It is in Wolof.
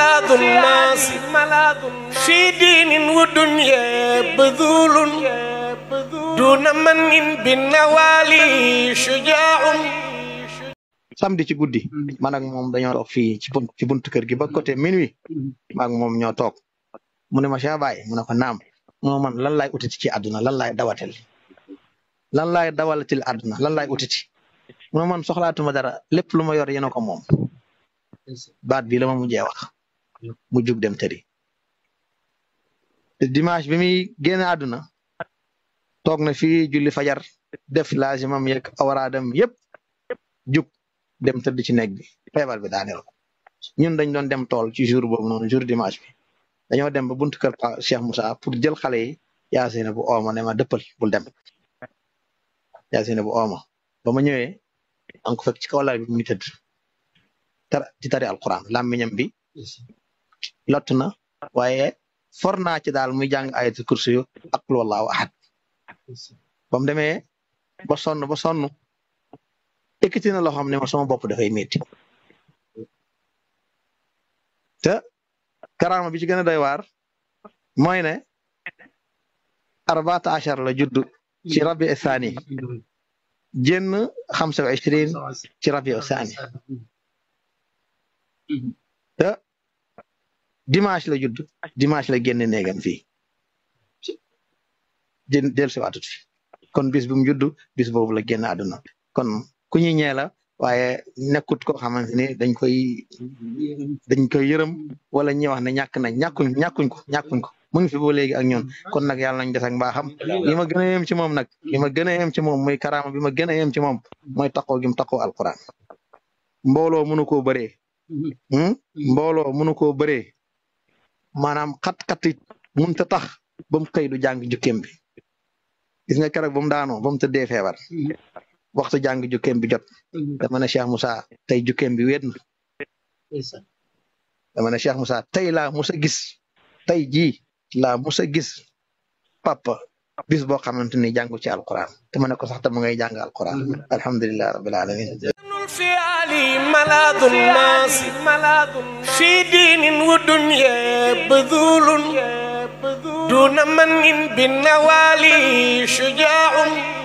ملاذ الناس في دين ودنيا بذول دون من بالنوالي شجاع samedi ci guddi man ak moom dañoo toog bunt kër gi ba côté minuit ma ak moom ñoo toog mu ne ma Cheikh Baye mu ne ko naam moo man lan laay utiti ci àdduna lan laay dawatel lan laay dawalatil àdduna lan laay utiti man soxlaatuma dara lépp lu ma yor yéen a ko moom baat bi la ma mujjee wax mu jug dem tëri te dimanche bi muy génn àdduna toog na fii julli fajar def laajimam yeeg dem yëpp jug dem tëdd ci néeg bi feebar bi daaneel ñun dañ doon dem tool ci jour boobu noonu jour dimanche bi dañoo dem ba bunt kër Pa Cheikh Moussa pour jël xale yi yaasina bu ooma ne ma bul dem yaasina bu ooma ba ma ñëwee an ko fekk ci kaw lal bi muy tëdd tar tari alquran làmmiñam bi lott na waaye for naa ci daal muy jàng ayatul kursi yu ak wallaahu ahad ba mu demee ba sonn ba sonn ekkiti na loo xam ne ma sama bopp dafay métti te karaama bi ci gën a doy waar mooy ne arbaata achar la judd ci rabi saani jénn xamsa wa ishrin ci rabi saani dimanche la judd dimanche la génne néegam fii jën del siwaatut kon bis bu judd bis boobu la génn àdduna kon ku ñu ñee la waaye nekkut koo xamante ni dañ koy dañ koy yërëm wala ñi wax ne ñàkk nañ ñàkkuñ ñàkkuñ ko ñàkkuñ ko mu ngi fi ba léegi ak ñun kon nag yàlla nañ des ak mbaaxam li ma gën a yem ci moom nag li ma gën a yem ci moom muy karaama bi ma gën a yem ci moom mooy taqoo gi mu taqoo alquran mbooloo mënu koo bëree mm-hmm. hmm? mbooloo mënu koo bëree maanaam xat-xat it mënut tax ba mu xëy du jàng jukkeem bi gis nga keroog ba mu daanoo ba mu tëddee feebar waxtu jàng jukkeem bi jot dama ne Cheikh Moussa tey jukkeem bi wéet na dama ne Cheikh Moussa tey laa mus a gis tey jii laa mus a gis papa bis boo xamante ni jàngu ci alquran te ma ne ko sax te mu ngay jàng alquran alhamdulilah rabbil alamin في علي ملاذ الناس في دين ودنيا بذول دون من بالنوالي شجاع